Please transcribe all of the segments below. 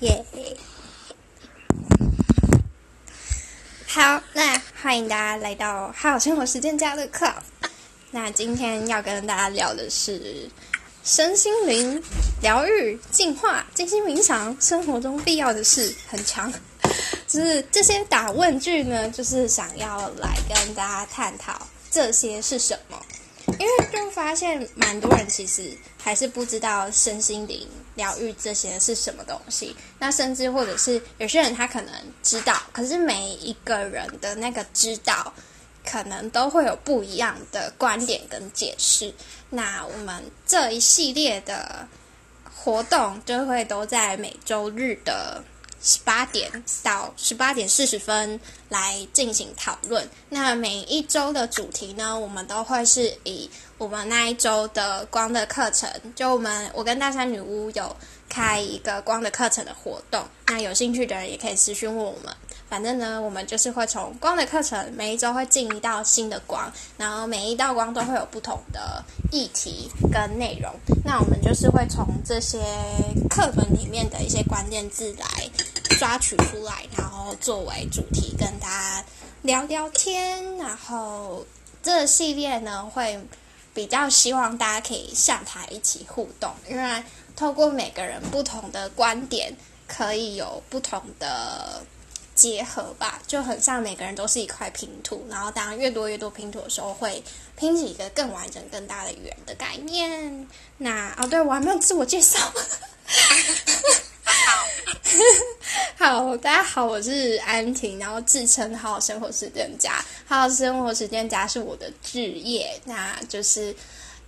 耶！Yeah 好，那歡迎大家來到《好好生活實踐》家的 Clubhouse。那今天要跟大家聊的是身心靈療癒、淨化、靜心冥想，生活中必要的事很強。就是這些打問句呢，就是想要來跟大家探討這些是什麼，因為就發現蠻多人其實還是不知道身心靈。療癒這些是什麼東西？那甚至或者是有些人他可能知道，可是每一個人的那個知道，可能都會有不一樣的觀點跟解釋。那我們這一系列的活動就會都在每周日的十八點到十八點四十分來進行討論。那每一周的主題呢，我們都會是以我們那一周的光的課程，就我們我跟大山女巫有開一個光的課程的活動，那有興趣的人也可以私訊問我們。反正呢，我們就是會從光的課程每一周會進一道新的光，然後每一道光都會有不同的議題跟內容。那我們就是會從這些課本裡面的一些關鍵字來抓取出來，然後作為主題跟大家聊聊天。然後這系列呢會。比較希望大家可以上台一起互動，因為透過每個人不同的觀點，可以有不同的結合吧，就很像每個人都是一塊拼圖，然後當然越多越多拼圖的時候，會拼起一個更完整、更大的圓的概念。那哦，對，我還沒有自我介紹。 好，大家好，我是安婷。然後自稱“好好生活時間家”，“好好生活時間家”是我的職業。那就是，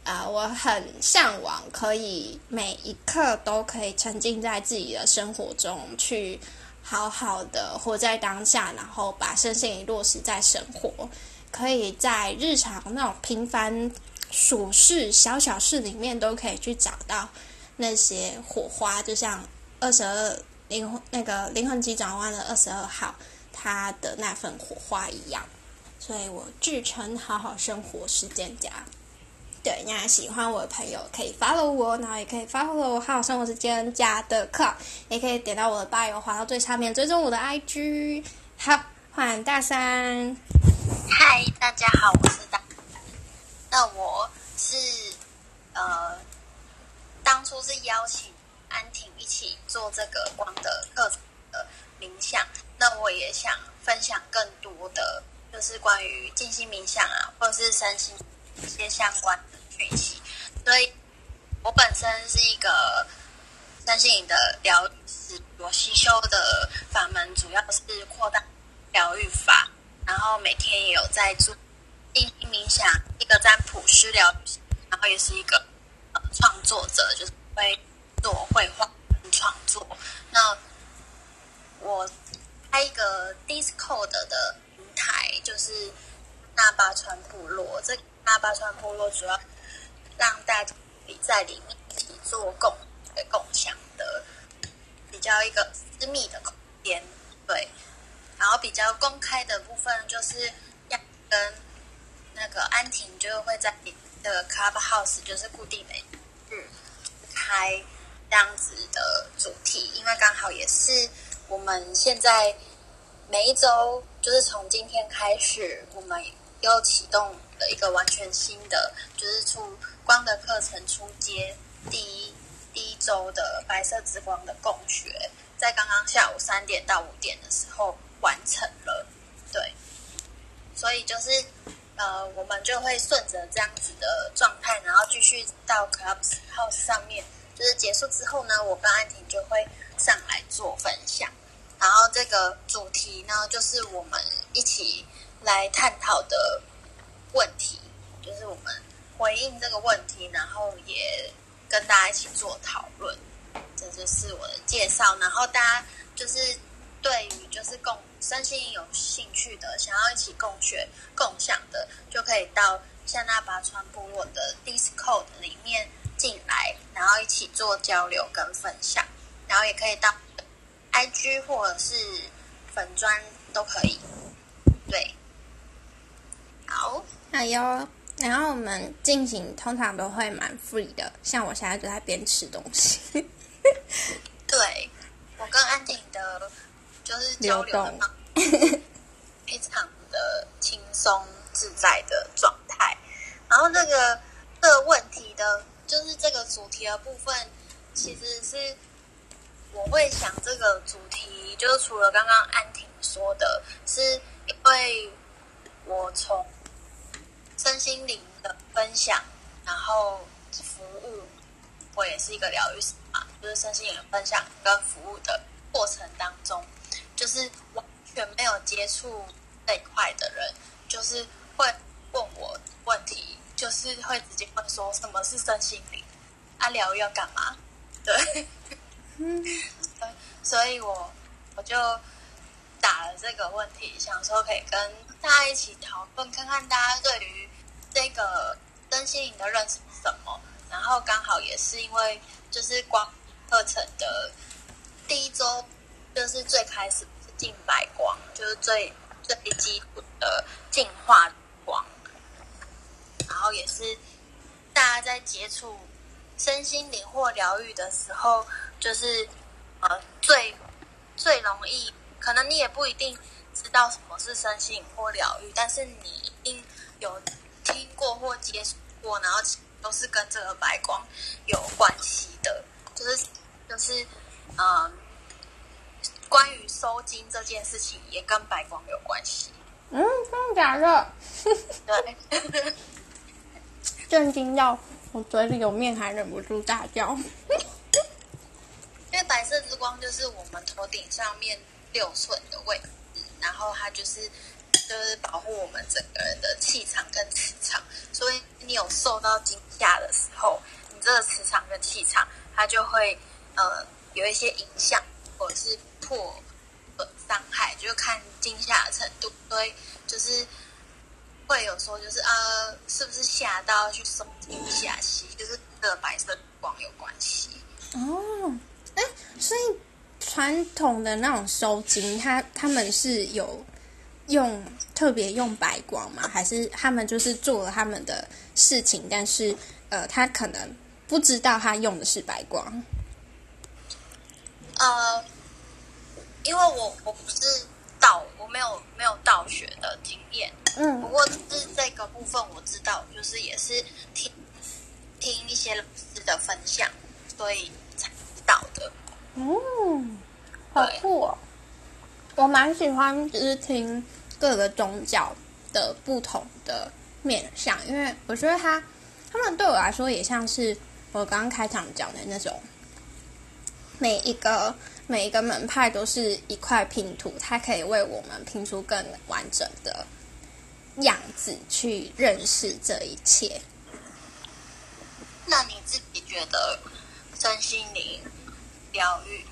啊、呃，我很向往，可以每一刻都可以沉浸在自己的生活中，去好好的活在當下，然後把身心靈落實在生活，可以在日常那種平凡瑣事、小小事裡面，都可以去找到那些火花，就像，二十二靈，那個靈魂急轉彎的二十二號，他的那份火花一樣，所以我制成好好生活時間家。對，你那喜歡我的朋友可以 follow 我，然後也可以 follow 我好好生活時間家的 Club，也可以點到我的 bio 滑到最下面，追蹤我的 IG。好，歡迎大山。嗨，大家好，我是大山。那我是呃，當初是邀請。安婷一起做這個光的各種的冥想，那我也想分享更多的，就是關於靜心冥想啊，或者是身心一些相關的訊息。所以，我本身是一個身心靈的療癒師，我吸修的法門主要是擴大療癒法，然後每天也有在做靜心冥想，一個占卜師療癒師，然後也是一個創作者，就是會。做繪畫創作，那我開一個 Discord 的平台，就是那巴川部落。這個、那巴川部落主要讓大家可以在裡面一起做共共享的比較一個私密的空間，對。然後比較公開的部分就是要跟那個安婷就會在你的 Clubhouse 就是固定每日開。這樣子的主題，因為剛好也是我們現在每一周，就是從今天開始，我們又啟動了一個完全新的，就是出光的課程出街第一第一周的白色之光的共學，在剛剛下午三點到五點的時候完成了，對，所以就是呃，我們就會順着這樣子的狀態，然後繼續到 Clubhouse 上面。就是結束之後呢，我跟安婷就會上來做分享，然後這個主題呢，就是我們一起來探討的問題，就是我們回應這個問題，然後也跟大家一起做討論。這就是我的介紹，然後大家就是對於就是共身心有興趣的，想要一起共學共享的，就可以到下那大巴川部落的 Discord 裡面。進來，然後一起做交流跟分享，然後也可以到 IG 或者是粉專，都可以。對，好，哎呦，然後我們進行通常都會蠻 free 的，像我現在就在邊吃東西。 對我跟安婷的，就是交流嘛，流動 非常的輕鬆自在的狀態。然後這、那個這、那個問題的。就是這個主題的部分，其實是我會想這個主題，就是除了剛剛安婷說的，是因為我從身心靈的分享，然後服務，我也是一個療癒師嘛，就是身心靈的分享跟服務的過程當中，就是完全沒有接觸這一塊的人，就是會問我問題。就是會直接問說什麼是身心靈，阿、啊、聊要幹嘛？對，嗯、 對，所以我我就打了這個問題，想說可以跟大家一起討論，看看大家對於這個身心靈的認識是什麼。然後剛好也是因為就是光課程的第一周，就是最開始是淨白光，就是最最基礎的淨化。然後也是大家在接觸身心靈或療癒的時候，就是呃最最容易，可能你也不一定知道什麼是身心靈或療癒，但是你一定有聽過或接觸過，然後都是跟這個白光有關係的，就是就是嗯、呃，關於收驚這件事情也跟白光有關係。嗯，真的假的？對。 震驚到我嘴裡有面還忍不住大叫，因為白色之光就是我們頭頂上面六寸的位置，然後它就是就是保護我們整個人的氣場跟磁場，所以你有受到驚嚇的時候，你這個磁場跟氣場它就會呃有一些影響或者是破呃傷害，就看驚嚇的程度，所以就是。會有說就是啊、呃，是不是嚇到去收驚下期，嗯、就是跟白色光有關係？哦，誒，所以傳統的那種收驚，他他們是有用特別用白光嗎？還是他們就是做了他們的事情，但是呃，他可能不知道他用的是白光？呃，因為我我不是。道我沒有沒有道學的經驗，嗯，不過是這個部分我知道，就是也是聽聽一些老師的分享，所以才知道的。嗯，好酷哦！對我蠻喜歡，就是聽各個宗教的不同的面向，因為我覺得他他們對我來說也像是我剛剛開場講的那種每一個。每一個門派都是一塊拼圖，它可以為我們拼出更完整的樣子，去認識這一切。那你自己覺得，身心靈、療癒、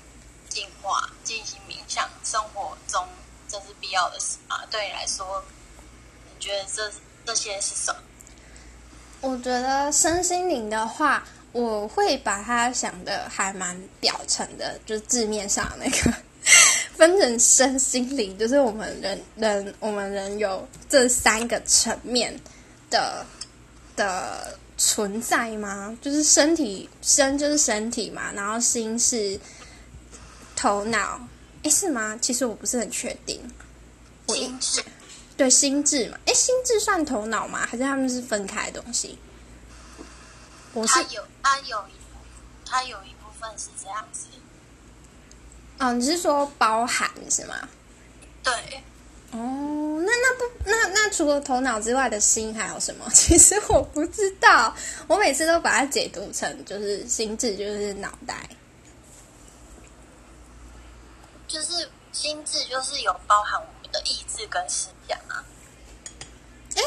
淨化、靜心冥想，生活中這是必要的事嗎？對你來說，你覺得這這些是什麼？我覺得身心靈的話。我會把它想的還蠻表層的，就是字面上那個分成身、心、靈，就是我們人人我們人有這三個層面的的存在嗎？就是身體身就是身體嘛，然後心是頭腦，誒，是嗎？其實我不是很確定，心智對心智嘛，誒，心智算頭腦嗎？還是他們是分開的東西？它有，它有一，它有一部分是這樣子。哦，你是說包含是嗎？對。哦，那那不，那那，那除了頭腦之外的心還有什麼？其實我不知道，我每次都把它解讀成就是心智，就是腦袋。就是心智，就是有包含我們的意志跟思想啊。誒，欸。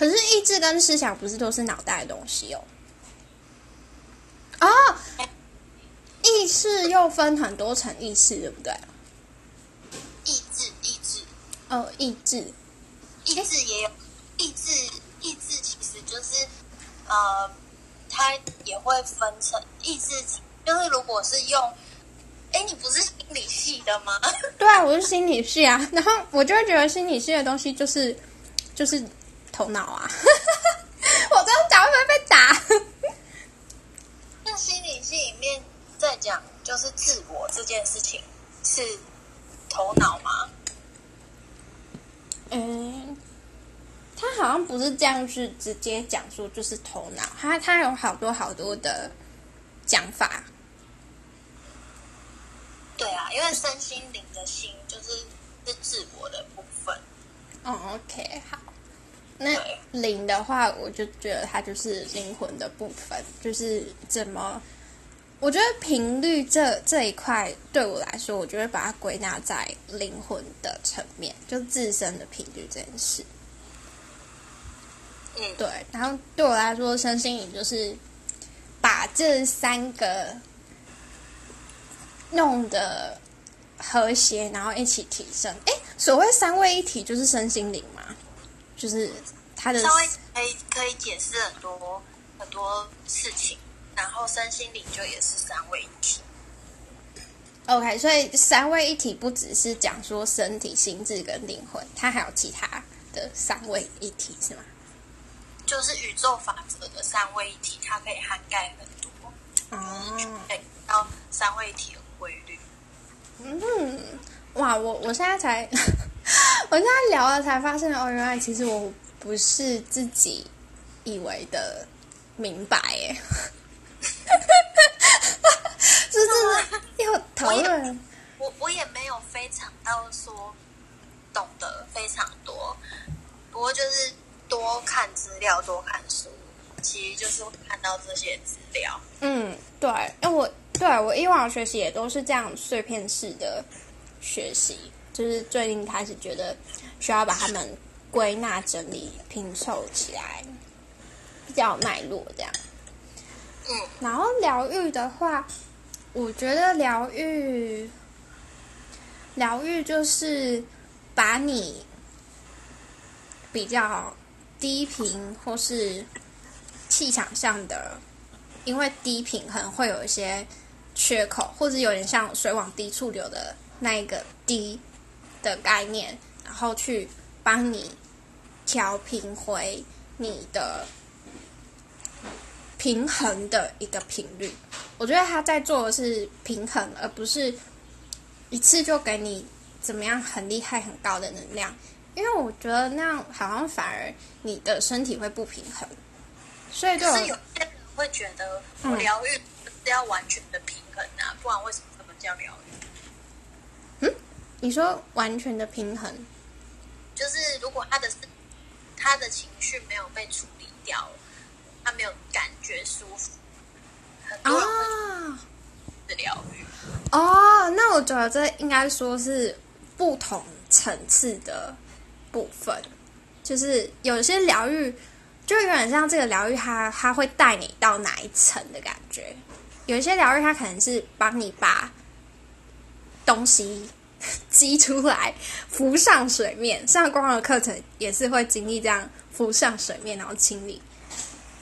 可是意志跟思想不是都是腦袋的東西哦？啊、哦，意識又分很多層意識對不對？意志，意志，哦，意志，意志也有，意志，意志其實就是，呃，它也會分成意志，就是如果是用，哎，你不是心理系的嗎？ 對啊，我是心理系啊，然後我就會覺得心理系的東西就是，就是。頭腦啊！ 我這樣講會不會被打？ 那心理學裡面在講，就是自我這件事情是頭腦嗎？嗯，他好像不是這樣去直接講說就是頭腦，他他有好多好多的講法。對啊，因為身心靈的心就是是自我的部分。嗯 OK 好。那靈的話，我就覺得它就是靈魂的部分，就是怎麼我覺得頻率這這一塊對我來說，我就會把它歸納在靈魂的層面，就自身的頻率這件事。對。然後對我來說，身心靈就是把這三個弄得和諧，然後一起提升。誒、欸，所謂三位一體，就是身心靈嘛。就是他的三位一體可以可以解釋很多很多事情，然後身心靈就也是三位一體。OK，所以三位一體不只是講說身體、心智跟靈魂，它還有其他的三位一體是嗎？就是宇宙法則的三位一體，它可以涵蓋很多，嗯，對，然後三位一體的規律。嗯,嗯，哇，我我現在才。 我跟他聊了，才發現哦，原來其實我不是自己以為的明白耶。哈哈哈哈哈！是真的要討論我。我我也沒有非常到說懂得非常多，不過就是多看資料、多看書，其實就是看到這些資料。嗯，對，因為我對我以往學習也都是這樣碎片式的學習。就是最近開始覺得需要把它們歸納整理拼湊起來，比較有脈絡這樣。嗯，然後療癒的話，我覺得療癒療癒就是把你比較低頻或是氣場上的，因為低頻可能會有一些缺口，或者有點像水往低處流的那一個低。的概念，然後去幫你調平回你的平衡的一個頻率。我覺得他在做的是平衡，而不是一次就給你怎麼樣很厲害很高的能量，因為我覺得那樣好像反而你的身體會不平衡。所以，就有是有些人會覺得，療癒不是要完全的平衡啊，嗯、不然為什麼這麼叫療癒？你說完全的平衡，就是如果他的他的情緒沒有被處理掉，他沒有感覺舒服，很多很、oh. 的療癒。哦，oh, 那我覺得這應該說是不同層次的部分，就是有些療癒就有點像這個療癒，它它會帶你到哪一層的感覺。有一些療癒，它可能是幫你把東西。積出來，浮上水面。上光的課程也是會經歷這樣浮上水面，然後清理。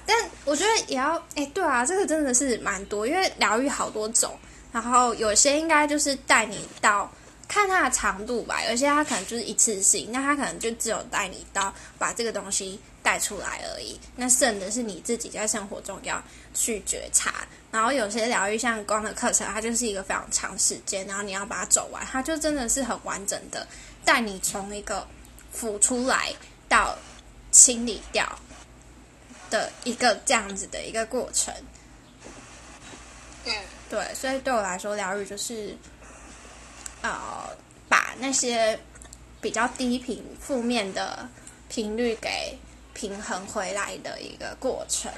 但我覺得也要，誒，對啊，這個真的是蠻多，因為療癒好多種。然後有些應該就是帶你到看它的長度吧，有些它可能就是一次性，那它可能就只有帶你到把這個東西帶出來而已。那剩的是你自己在生活中要去覺察。然後有些療癒，像光的課程，它就是一個非常長時間，然後你要把它走完，它就真的是很完整的帶你從一個浮出來到清理掉的一個這樣子的一個過程。嗯，對，所以對我來說，療癒就是，呃，把那些比較低頻負面的頻率給平衡回來的一個過程。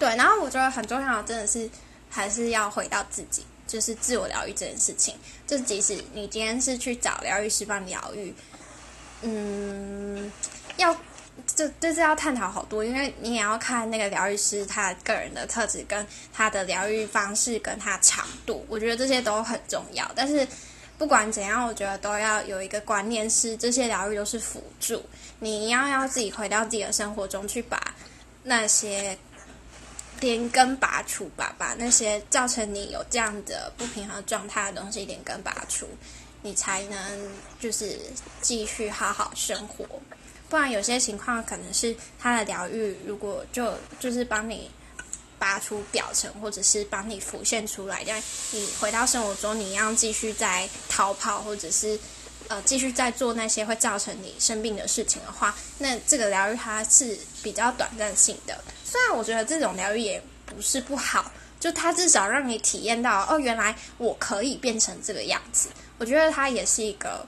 對，然後我覺得很重要的，真的是還是要回到自己，就是自我療癒這件事情。就即使你今天是去找療癒師幫你療癒，嗯，要這這、就是要探討好多，因為你也要看那個療癒師他個人的特質，跟他的療癒方式，跟他長度，我覺得這些都很重要。但是不管怎樣，我覺得都要有一個觀念是，這些療癒都是輔助，你要要自己回到自己的生活中去把那些。連根拔除吧，把那些造成你有這樣的不平衡狀態的東西連根拔除，你才能就是繼續好好生活。不然有些情況可能是他的療癒，如果就就是幫你拔出表層，或者是幫你浮現出來，但你回到生活中，你要繼續在逃跑，或者是呃繼續在做那些會造成你生病的事情的話，那這個療癒它是比較短暫性的。雖然我覺得這種療癒也不是不好，就它至少讓你體驗到哦，原來我可以變成這個樣子。我覺得它也是一個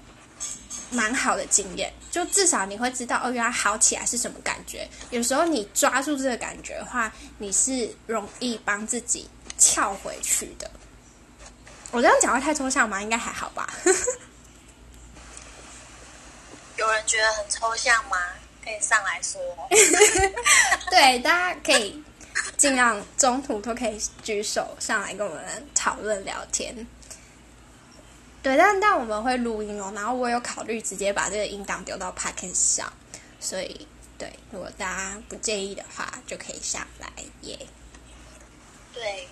蠻好的經驗，就至少你會知道哦，原來好起來是什麼感覺。有時候你抓住這個感覺的話，你是容易幫自己翹回去的。我這樣講話太抽象嗎？應該還好吧。 有人覺得很抽象嗎？可以上來說， 對，大家可以儘量中途都可以舉手上來跟我們討論聊天。對，但但我們會錄音哦，然後我有考慮直接把這個音檔丟到 package 上，所以對，如果大家不介意的話，就可以上來耶。Yeah、對，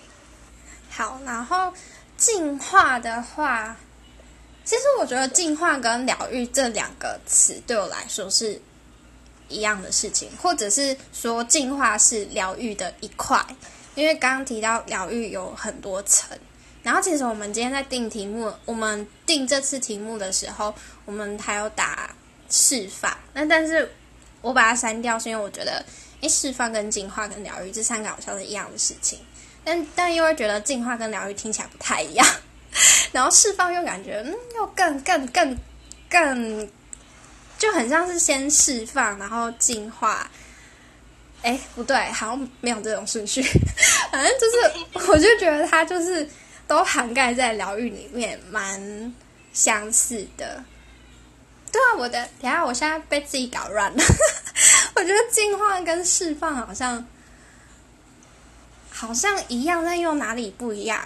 好，然後淨化的話，其實我覺得“淨化”跟“療癒”這兩個詞對我來說是一樣的事情，或者是說淨化是療癒的一塊，因為剛剛提到療癒有很多層。然後其實我們今天在定題目，我們定這次題目的時候，我們還有打釋放，那但，但是我把它刪掉，是因為我覺得，哎，釋放跟淨化跟療癒這三個好像是一樣的事情，但但因為覺得淨化跟療癒聽起來不太一樣，然後釋放又感覺嗯又更、更、更、更。就很像是先釋放，然後淨化。哎，不對，好像沒有這種順序。反正就是，我就覺得它就是都涵蓋在療癒裡面，蠻相似的。對啊，我的，等一下我現在被自己搞亂了。 我覺得淨化跟釋放好像好像一樣，但又哪裡不一樣？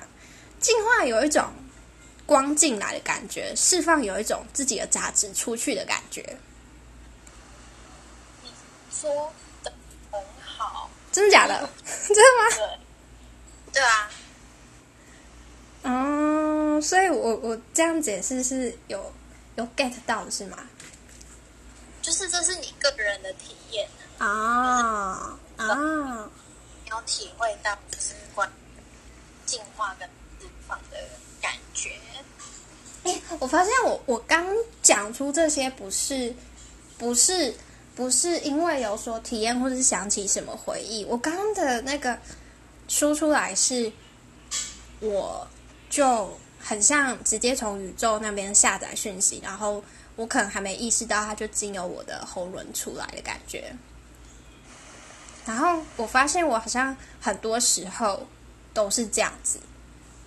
淨化有一種光進來的感覺，釋放有一種自己的雜質出去的感覺。說得很好，真的假的？嗯、真的嗎？對，對啊。哦、嗯，所以我我這樣解釋是有有 get 到是嗎？就是這是你個人的體驗啊啊！有體會到就是關於進化跟淨化的感覺、欸。我發現我我剛講出這些不是不是。不是因為有所體驗，或是想起什麼回憶。我剛剛的那個說出來是，我就很像直接從宇宙那邊下載訊息，然後我可能還沒意識到，它就經由我的喉嚨出來的感覺。然後我發現我好像很多時候都是這樣子。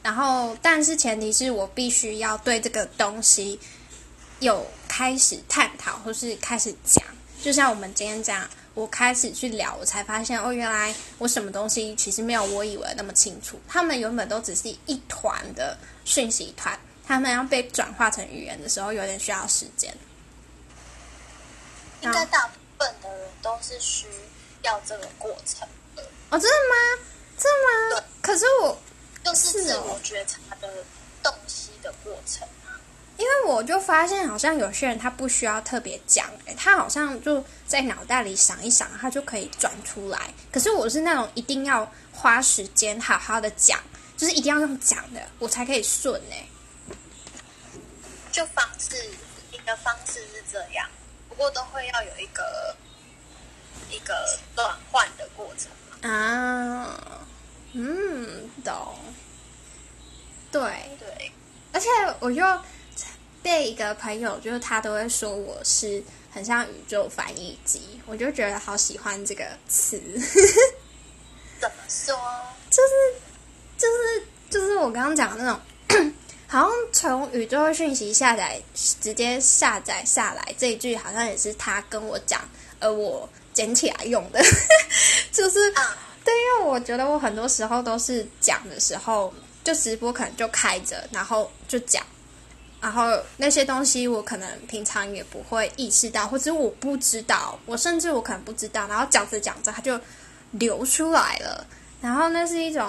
然後，但是前提是我必須要對這個東西有開始探討，或是開始講。就像我們今天這樣，我開始去聊，我才發現哦，原來我什麼東西其實沒有我以為那麼清楚。他們原本都只是一團的訊息團，他們要被轉化成語言的時候，有點需要時間。應該大部分的人都是需要這個過程。哦，真的嗎？真的嗎？對可是我就是自我覺察的東西的過程。因為我就發現，好像有些人他不需要特別講誒，他好像就在腦袋裡想一想，他就可以轉出來。可是我是那種一定要花時間好好的講，就是一定要用講的，我才可以順哎。就方式，一定的方式是這樣，不過都會要有一個一個轉換的過程啊，嗯，懂。對對，而且我就。被一個朋友，就是他都會說我是很像宇宙翻譯機，我就覺得好喜歡這個詞。 怎麼說？就是就是就是我剛剛講的那種， 好像從宇宙訊息下載，直接下載下來。這一句好像也是他跟我講，而我撿起來用的。 就是，對，因為我覺得我很多時候都是講的時候，就直播可能就開着，然後就講。然後那些東西我可能平常也不會意識到，或者我不知道，我甚至我可能不知道。然後講着講着，它就流出來了。然後那是一種，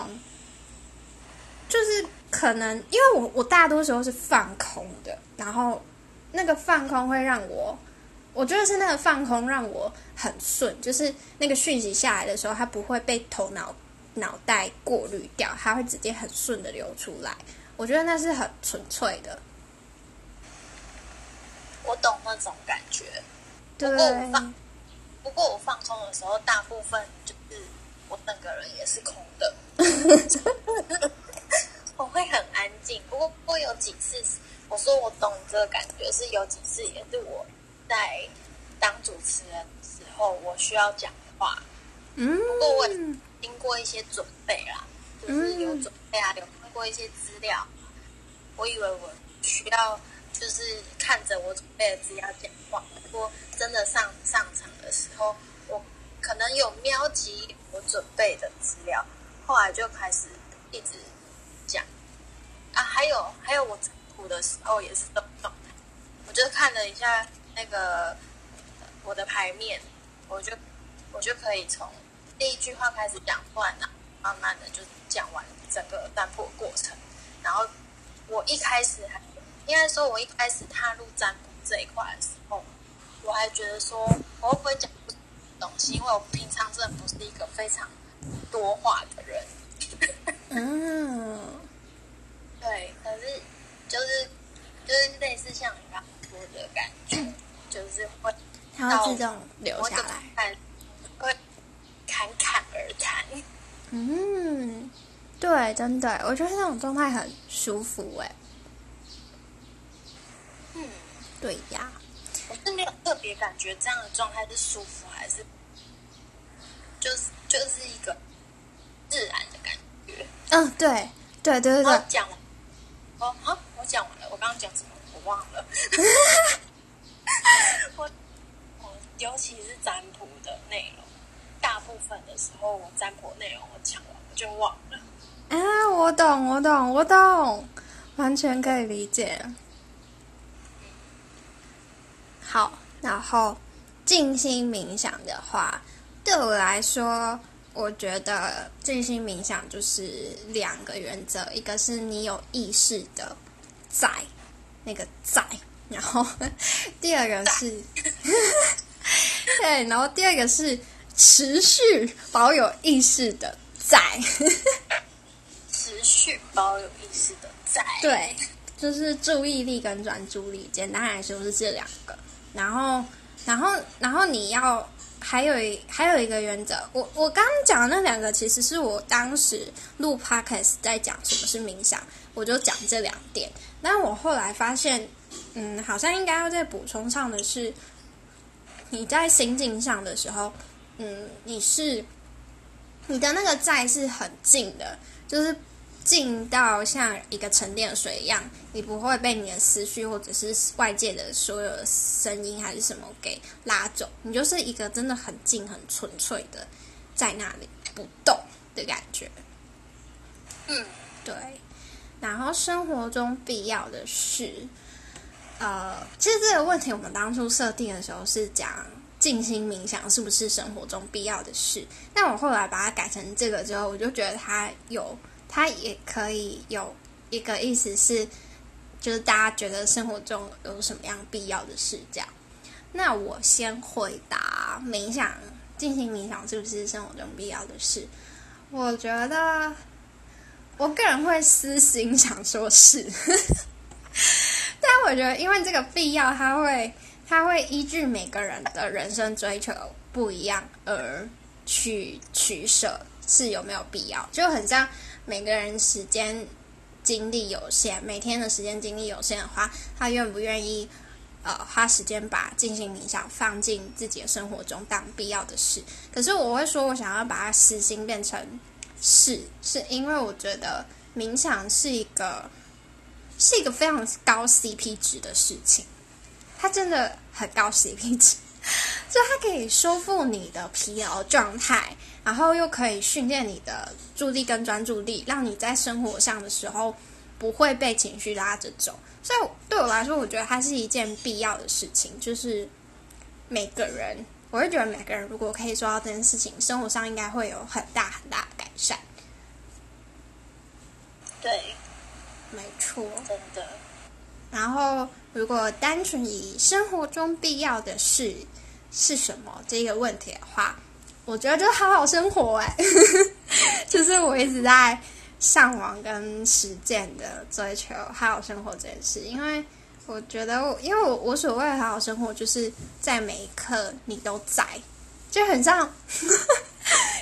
就是可能因為我我大多時候是放空的，然後那個放空會讓我，我覺得是那個放空讓我很順，就是那個訊息下來的時候，它不會被頭腦腦袋過濾掉，它會直接很順的流出來。我覺得那是很純粹的。我懂那種感覺，不過對我放，不過我放空的時候，大部分就是我整個人也是空的， 我會很安靜。不過，不過有幾次，我說我懂這個感覺，是有幾次也是我在當主持人的時候，我需要講話。嗯，不過我也經過一些準備啦，嗯、就是有準備啊，嗯、有看過一些資料。我以為我需要。就是看着我準備的資料講話，不過真的上上場的時候，我可能有瞄及我準備的資料，後來就開始一直講啊，還有還有我苦的時候也是這種動，我就看了一下那個我的牌面，我就我就可以從第一句話開始講話呢，然然後慢慢的就講完整個翻破過程，然後我一開始還。應該說，我一開始踏入占卜這一塊的時候，我還覺得說，我會不會講不出東西，因為我平常真的不是一個非常多話的人。嗯， 對，可是就是就是類似像占卜的感覺，嗯、就是會，他會自動留下來看，會侃侃而談。嗯，對，真的，我覺得那種狀態很舒服、欸，誒。對呀，我是沒有特別感覺，這樣的狀態是舒服還是，就是就是一個自然的感覺。嗯，對，對對對對。對哦、講完，哦，好、哦哦，我講完了。我剛剛講什麼？我忘了。 我我尤其是占卜的內容，大部分的時候，我占卜內容我講了，我就忘了。啊，我懂，我懂，我懂，完全可以理解。好，然後靜心冥想的話，對我來說，我覺得靜心冥想就是兩個原則，一個是你有意識的在那個在，然後第二個是，在 對，然後第二個是持續保有意識的在， 持續保有意識的在，對，就是注意力跟專注力，簡單來說就是這兩個。然後，然後，然後你要，還有一，還有一個原則。我我剛剛講的那兩個，其實是我當時錄 Podcast 在講什麼是冥想，我就講這兩點。但我後來發現，嗯，好像應該要再補充上的是，你在心境上的時候，嗯，你是你的那個債是很近的，就是。靜到像一個沉澱的水一樣，你不會被你的思緒或者是外界的所有的聲音還是什麼給拉走，你就是一個真的很靜、很純粹的，在那裡不動的感覺。嗯，對。然後生活中必要的事，呃，其實這個問題我們當初設定的時候是講靜心冥想是不是生活中必要的事，那我後來把它改成這個之後，我就覺得它有。它也可以有一個意思是，就是大家覺得生活中有什麼樣必要的事。這樣，那我先回答冥想，進行冥想是不是生活中必要的事？我覺得，我個人會私心想說是， 但我覺得，因為這個必要，它會它會依據每個人的人生追求不一樣而去取捨是有沒有必要，就很像。每個人時間精力有限，每天的時間精力有限的話，他願不願意呃花時間把靜心冥想放進自己的生活中當必要的事？可是我會說，我想要把它靜心變成事，是因為我覺得冥想是一個是一個非常高 CP 值的事情，它真的很高 CP 值。就它可以修復你的疲勞狀態，然後又可以訓練你的注意力跟專注力，讓你在生活上的時候不會被情緒拉着走。所以對我來說，我覺得它是一件必要的事情。就是每個人，我是覺得每個人如果可以做到這件事情，生活上應該會有很大很大的改善。對，沒錯，真的。然後如果單純以生活中必要的事。是什麼？這個問題的話，我覺得就是好好生活哎、欸呵呵，就是我一直在嚮往跟實踐的追求，好好生活這件事。因為我覺得我，因為我我所謂的好好生活，就是在每一刻你都在，就很像，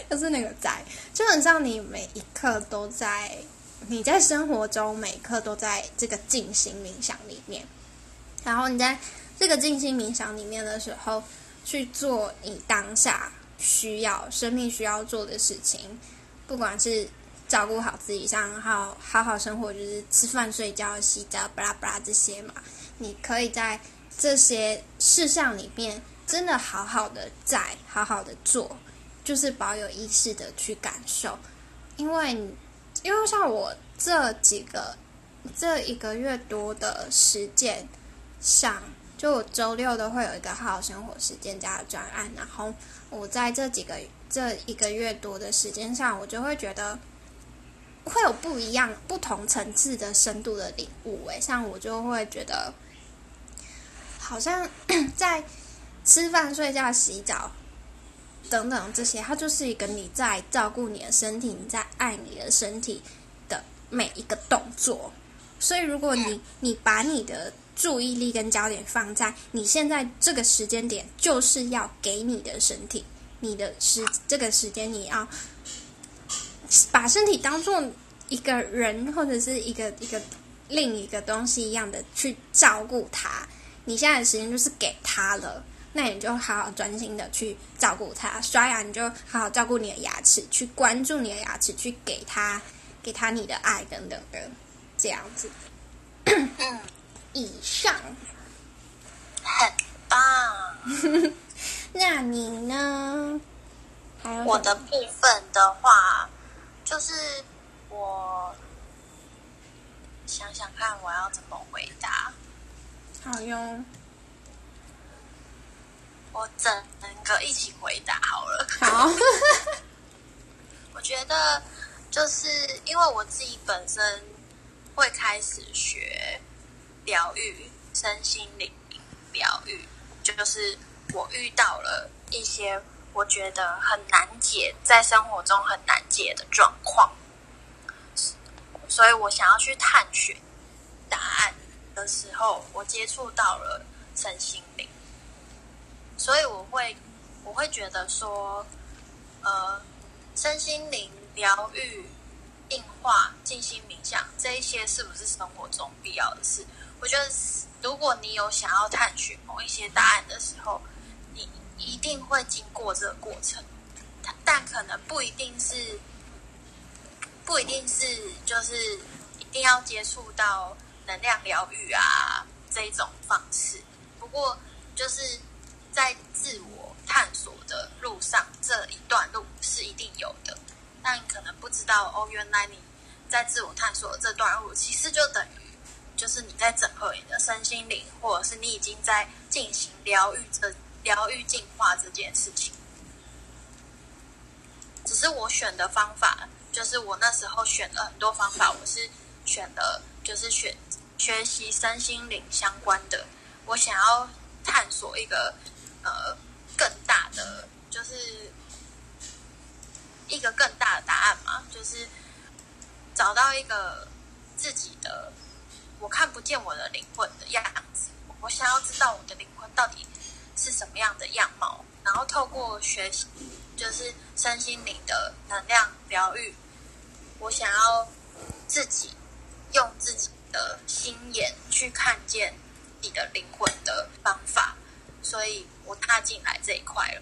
又、就是那個在？就很像你每一刻都在，你在生活中每一刻都在這個靜心冥想裡面，然後你在這個靜心冥想裡面的時候。去做你當下需要、生命需要做的事情，不管是照顧好自己，像好好好生活，就是吃飯、睡覺、洗澡，巴拉巴拉這些嘛。你可以在這些事項裡面，真的好好的在好好的做，就是保有意識的去感受，因為因為像我這幾個這一個月多的時間上。就我週六都會有一個“好好生活實踐家”的專案，然後我在這幾個這一個月多的時間上，我就會覺得會有不一樣、不同層次的深度的領悟。誒，像我就會覺得，好像在吃飯、睡覺、洗澡等等這些，它就是一個你在照顧你的身體、你在愛你的身體的每一個動作。所以，如果你你把你的注意力跟焦點放在你現在這個時間點，就是要給你的身體，你的時這個時間，你要把身體當做一個人或者，是一個一個另一個東西一樣的去照顧它。你現在的時間就是給他了，那你就好好專心的去照顧他。刷牙，你就好好照顧你的牙齒，去關注你的牙齒，去給他給他你的愛等等的，這樣子。嗯。以上很棒。 那你呢？我的部分的話，就是我想想看，我要怎麼回答。好用。我整兩個一起回答好了。好。 我覺得就是因為我自己本身會開始學。療癒身心靈，療癒就是我遇到了一些我覺得很難解，在生活中很難解的狀況，所以我想要去探尋答案的時候，我接觸到了身心靈，所以我會我會覺得說，呃，身心靈療癒、淨化、靜心冥想，這一些是不是生活中必要的事？我覺得，如果你有想要探尋某一些答案的時候，你一定會經過這個過程，但可能不一定是，不一定是，就是一定要接觸到能量療癒啊這一種方式。不過，就是在自我探索的路上這一段路是一定有的，但你可能不知道哦，原來你在自我探索的這段路其實就等於。就是你在整合你的身心靈，或者是你已經在進行療癒這療癒淨化這件事情。只是我選的方法，就是我那時候選了很多方法，我是選的，就是選學習身心靈相關的。我想要探索一個呃更大的，就是一個更大的答案嘛，就是找到一個自己的。我看不見我的靈魂的樣子，我想要知道我的靈魂到底是什麼樣的樣貌，然後透過學習，就是身心靈的能量療癒，我想要自己用自己的心眼去看見你的靈魂的方法，所以我踏進來這一塊了。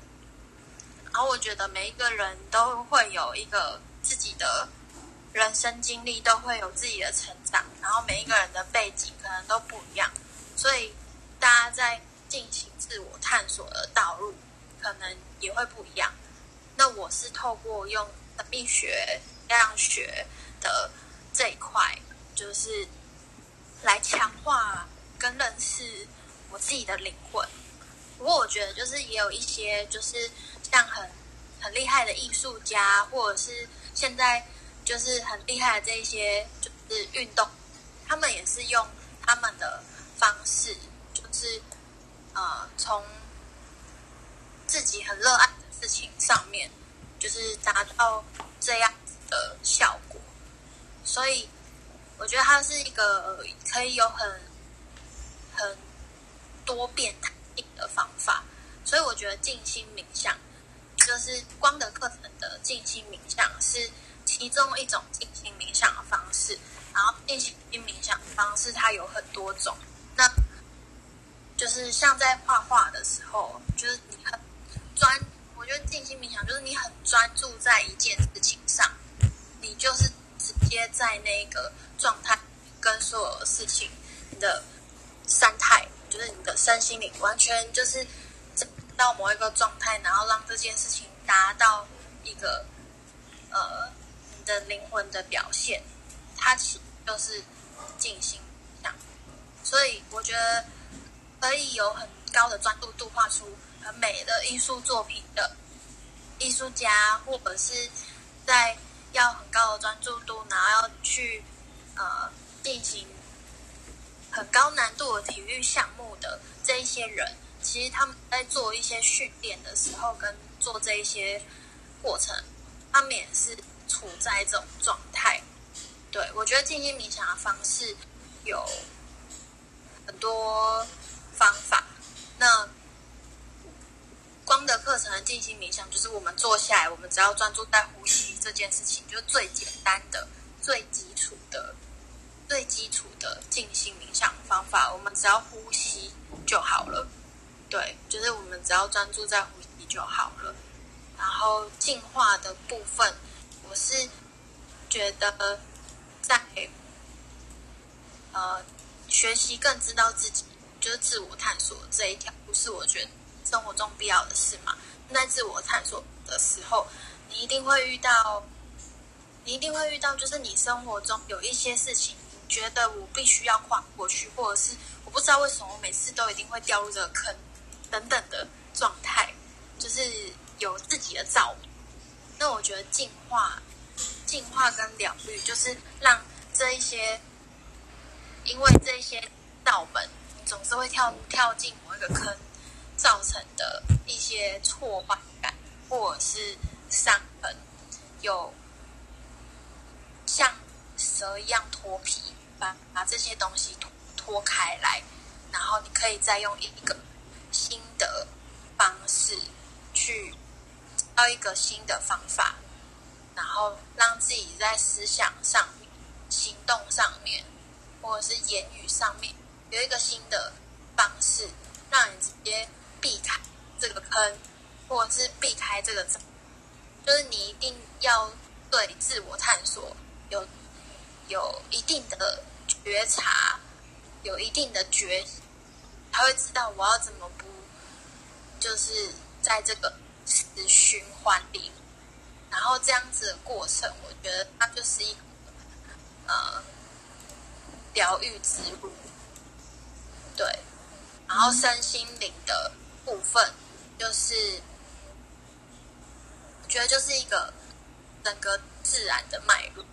然後我覺得每一個人都會有一個自己的。人生經歷都會有自己的成長，然後每一個人的背景可能都不一樣，所以大家在進行自我探索的道路可能也會不一樣。那我是透過用神秘學、量學的這一塊，就是來強化跟認識我自己的靈魂。不過我覺得，就是也有一些，就是像很很厲害的藝術家，或者是現在。就是很厲害的這一些，就是運動，他們也是用他們的方式，就是呃，從自己很熱愛的事情上面，就是達到這樣子的效果。所以我覺得它是一個可以有很很多變彈性的方法。所以我覺得靜心冥想，就是光的課程的靜心冥想是。其中一種靜心冥想的方式，然後靜心冥想的方式，它有很多種。那就是像在畫畫的時候，就是你很專。我覺得靜心冥想就是你很專注在一件事情上，你就是直接在那個狀態跟所有事情，你的三態，就是你的身心裡完全就是到某一個狀態，然後讓這件事情達到一個呃。的靈魂的表現，它其實就是進行，所以我覺得可以有很高的專注度畫出很美的藝術作品的藝術家，或者是在要很高的專注度，然後要去呃進行很高難度的體育項目的這一些人，其實他們在做一些訓練的時候，跟做這一些過程，他們也是。處在這種狀態，對，我覺得靜心冥想的方式有很多方法。那光的課程的靜心冥想就是我們坐下來，我們只要專注在呼吸這件事情，就是最簡單的、最基礎的、最基礎的靜心冥想方法。我們只要呼吸就好了。對，就是我們只要專注在呼吸就好了。然後淨化的部分。我是覺得在呃學習更知道自己，就是自我探索這一條，不是我覺得生活中必要的事嘛？那自我探索的時候，你一定會遇到，你一定會遇到，就是你生活中有一些事情，你覺得我必須要跨過去，或者是我不知道為什麼，我每次都一定會掉入這個坑等等的狀態，就是有自己的找。那我覺得淨化、淨化跟療癒，就是讓這一些，因為這些道門你總是會跳跳進某一個坑，造成的一些挫敗感或者是傷痕，有像蛇一樣脫皮般把，把這些東西脫脫開來，然後你可以再用一個新的方式去。要一個新的方法，然後讓自己在思想上、行動上面，或者是言語上面，有一個新的方式，讓你直接避開這個坑，或者是避開這個障。就是你一定要對自我探索有有一定的覺察，有一定的覺，他會知道我要怎麼不，就是在這個。是循環的，然後這樣子的過程，我覺得它就是一個呃療癒之路，對。然後身心靈的部分，就是我覺得就是一個整個自然的脈絡，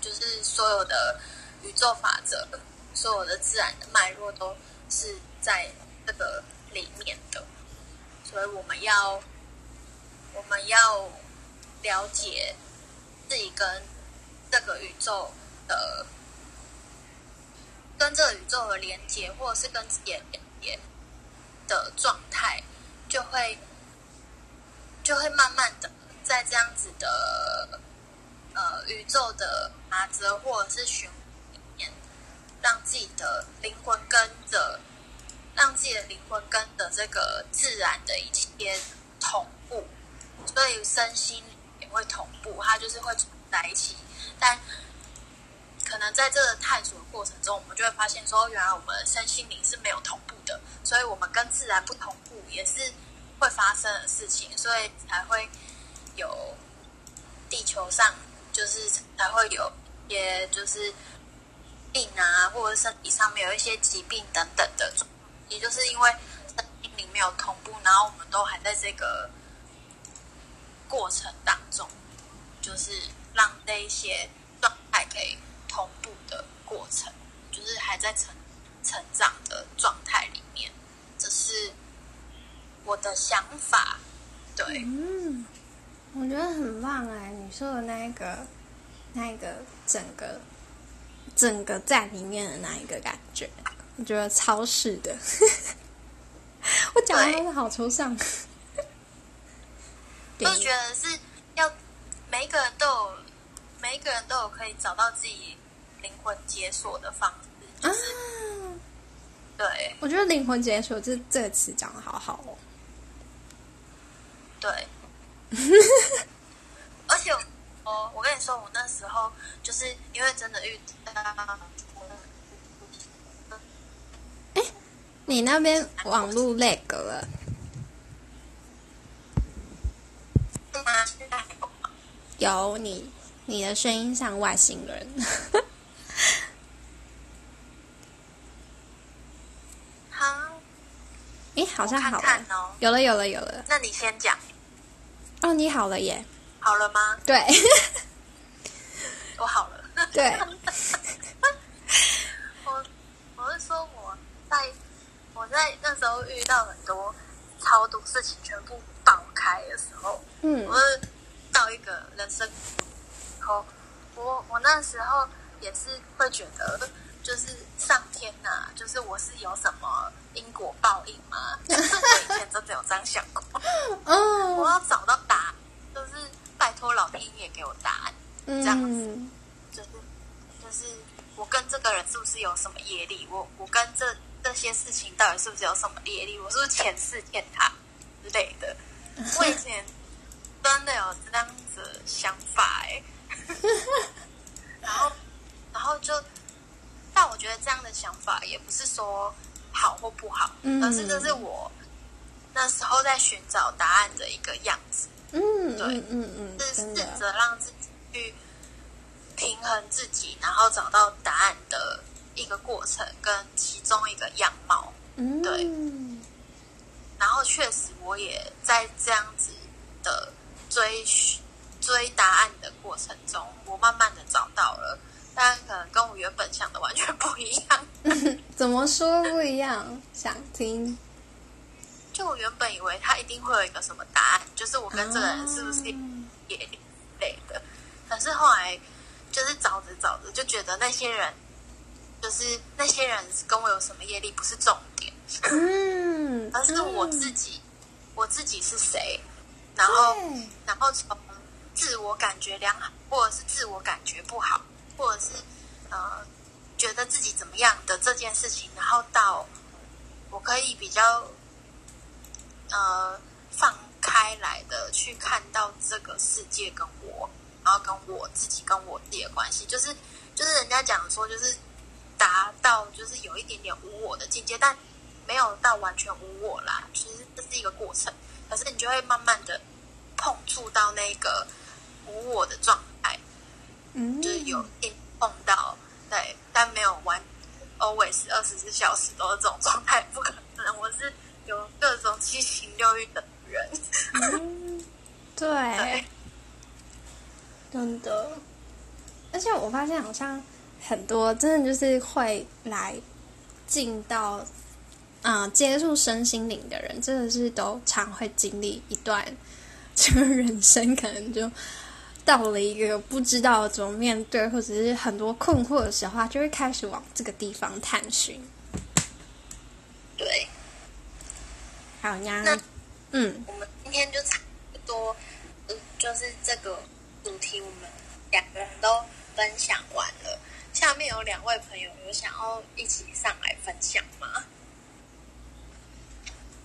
就是所有的宇宙法則，所有的自然的脈絡都是在這個裡面的，所以我們要。我們要了解自己跟這個宇宙的跟這個宇宙的連接，或者是跟自己的連接的狀態，就會就會慢慢的在這樣子的呃宇宙的法則或者是循環裡面，讓自己的靈魂跟着，讓自己的靈魂跟着這個自然的一些同步。所以身心也會同步，它就是會存在一起。但可能在這個探索的過程中，我們就會發現說，原來我們身心靈是沒有同步的。所以，我們跟自然不同步，也是會發生的事情。所以才會有地球上，就是才會有一些就是病啊，或者身體上面有一些疾病等等的，也就是因為身心靈沒有同步，然後我們都還在這個。過程當中，就是讓那些狀態可以同步的過程，就是還在成成長的狀態裡面，這是我的想法。對，嗯，我覺得很棒哎、欸！你說的那一個，那一個整個整個在裡面的那一個感覺，我覺得超市的。 我講的都是好抽象的。就覺得是要每一個人都有，每一個人都有可以找到自己靈魂解鎖的方式，就是啊、對。我覺得“靈魂解鎖”這這個詞講的好好哦、喔。對。 而且我，我我跟你說，我那時候就是因為真的遇到，哎、欸，你那邊網路 lag 了。有你，你的聲音像外星人。好 ，Huh? 誒，好像好了，我看看哦。有了，有了，有了。那你先講。哦，你好了耶。好了嗎？對。 我好了。 對。 我我是說我在，在我在那時候遇到很多超多事情，全部爆開的時候，嗯，我。到一個人生後，我我那時候也是會覺得，就是上天吶、啊，就是我是有什麼因果報應嗎、啊？ 是我以前真的有這樣想過。Oh. 我要找到答案，就是拜托老天爺給我答案，這樣子，mm. 就是就是我跟這個人是不是有什麼業力？我我跟這這些事情到底是不是有什麼業力？我是不是前世欠他之類的？我以前。 真的有這樣子的想法哎、欸， 然後，然後就，但我覺得這樣的想法也不是說好或不好，嗯、而是這是我那時候在尋找答案的一個樣子。嗯，對，嗯嗯，嗯嗯是試着讓自己去平衡自己，然後找到答案的一個過程，跟其中一個樣貌。嗯，對。然後確實我也在這樣子的。追尋追答案的過程中，我慢慢的找到了，但可能跟我原本想的完全不一樣。 怎麼說不一樣？ 想聽？就我原本以為他一定會有一個什麼答案，就是我跟這個人是不是業力的？啊、可是後來就是找着找着，就覺得那些人，就是那些人跟我有什麼業力不是重點，嗯，而、嗯、是我自己，我自己是誰？然後，然後從自我感覺良好，或者是自我感覺不好，或者是呃覺得自己怎麼樣的這件事情，然後到我可以比較呃放開來的去看到這個世界跟我，然後跟我自己跟我自己的關係，就是就是人家講說，就是達到就是有一點點無我的境界，但沒有到完全無我啦。其實這是一個過程。可是你就會慢慢的碰觸到那個無我的狀態，嗯、就是有碰到，對，但沒有完。嗯、always 二十四小時都是這種狀態，不可能，我是有各種七情六欲的人。嗯、對，對真的。而且我發現好像很多真的就是會來進到。啊、嗯，接觸身心靈的人，真的是都常會經歷一段，就人生可能就到了一個不知道怎麼面對，或者是很多困惑的時候，就會開始往這個地方探尋。對，好呀，那嗯，我們今天就差不多，就是這個主題，我們兩個人都分享完了。下面有兩位朋友有想要一起上來分享嗎？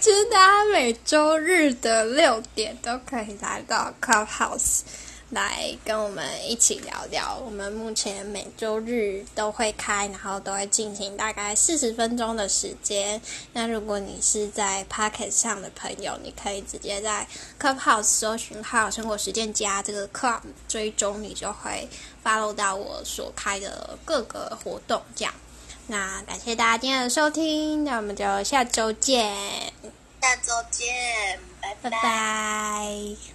其實 大家每週日的六點都可以來到 Clubhouse 來跟我們一起聊聊。我們目前每週日都會開，然後都會進行大概四十分鐘的時間。那如果你是在 Pocket 上的朋友，你可以直接在 Clubhouse 搜尋號生活實踐家”這個 Club 追蹤，你就會 follow 到我所開的各個活動這樣。那感謝大家今天的收聽，那我們就下周見。下周見，拜拜。拜拜。